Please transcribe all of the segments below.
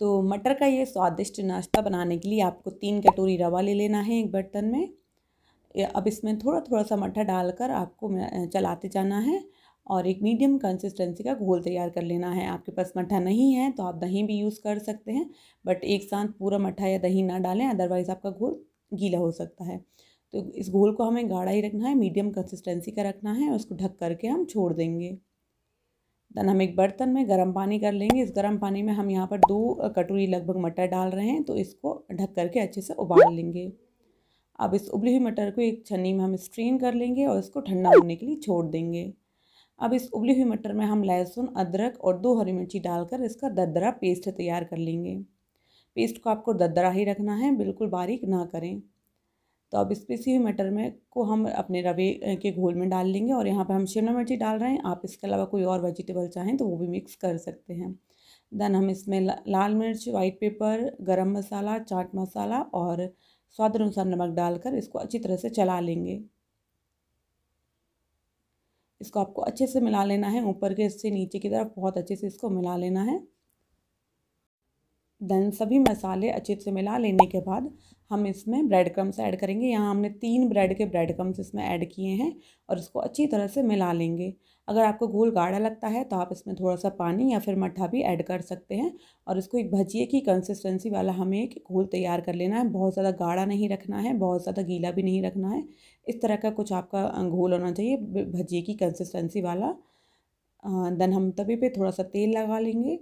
तो मटर का ये स्वादिष्ट नाश्ता बनाने के लिए आपको तीन कटोरी रवा ले लेना है एक बर्तन में अब इसमें थोड़ा थोड़ा सा मटर डालकर आपको चलाते जाना है और एक मीडियम कंसिस्टेंसी का घोल तैयार कर लेना है आपके पास मट्ठा नहीं है तो आप दही भी यूज़ कर सकते हैं बट एक साथ पूरा मट्ठा या दही ना डालें अदरवाइज़ आपका घोल गीला हो सकता है तो इस घोल को हमें गाढ़ा ही रखना है मीडियम कंसिस्टेंसी का रखना है और उसको ढक करके हम छोड़ देंगे देन हम एक बर्तन में गर्म पानी कर लेंगे इस गर्म पानी में हम यहाँ पर दो कटोरी लगभग मटर डाल रहे हैं तो इसको ढक करके अच्छे से उबाल लेंगे अब इस उबली हुई मटर को एक छन्नी में हम स्ट्रेन कर लेंगे और इसको ठंडा होने के लिए छोड़ देंगे अब इस उबली हुई मटर में हम लहसुन अदरक और दो हरी मिर्ची डालकर इसका ददरा पेस्ट तैयार कर लेंगे पेस्ट को आपको ददरा ही रखना है बिल्कुल बारीक ना करें तो अब इस पीसी हुई मटर में को हम अपने रवे के घोल में डाल लेंगे और यहाँ पर हम शिमला मिर्ची डाल रहे हैं आप इसके अलावा कोई और वेजिटेबल चाहें तो वो भी मिक्स कर सकते हैं देन हम इसमें लाल मिर्च वाइट पेपर गरम मसाला चाट मसाला और स्वाद अनुसार नमक डालकर इसको अच्छी तरह से चला लेंगे इसको आपको अच्छे से मिला लेना है ऊपर के से नीचे की तरफ बहुत अच्छे से इसको मिला लेना है देन सभी मसाले अच्छे से मिला लेने के बाद हम इसमें ब्रेड क्रम्स ऐड करेंगे यहाँ हमने तीन ब्रेड के ब्रेड क्रम्स इसमें ऐड किए हैं और इसको अच्छी तरह से मिला लेंगे अगर आपको गोल गाढ़ा लगता है तो आप इसमें थोड़ा सा पानी या फिर मट्ठा भी ऐड कर सकते हैं और इसको एक भजिए की कंसिस्टेंसी वाला हमें एक घोल तैयार कर लेना है बहुत ज़्यादा गाढ़ा नहीं रखना है बहुत ज़्यादा गीला भी नहीं रखना है इस तरह का कुछ आपका घोल होना चाहिए भजिए की कंसिस्टेंसी वाला देन हम तभी पे थोड़ा सा तेल लगा लेंगे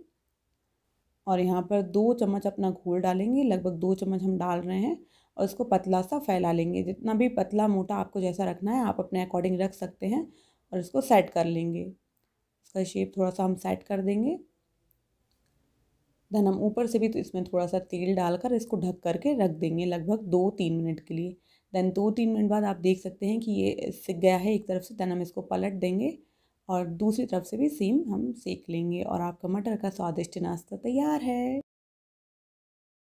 और यहाँ पर दो चम्मच अपना घोल डालेंगे लगभग दो चम्मच हम डाल रहे हैं और इसको पतला सा फैला लेंगे जितना भी पतला मोटा आपको जैसा रखना है आप अपने अकॉर्डिंग रख सकते हैं और इसको सेट कर लेंगे इसका शेप थोड़ा सा हम सेट कर देंगे धन हम ऊपर से भी तो इसमें थोड़ा सा तेल डालकर इसको ढक करके रख देंगे लगभग दो तीन मिनट के लिए देन दो तीन मिनट बाद आप देख सकते हैं कि ये सिक गया है एक तरफ से देन हम इसको पलट देंगे और दूसरी तरफ से भी सेम हम सेक लेंगे और आपका मटर का स्वादिष्ट नाश्ता तैयार है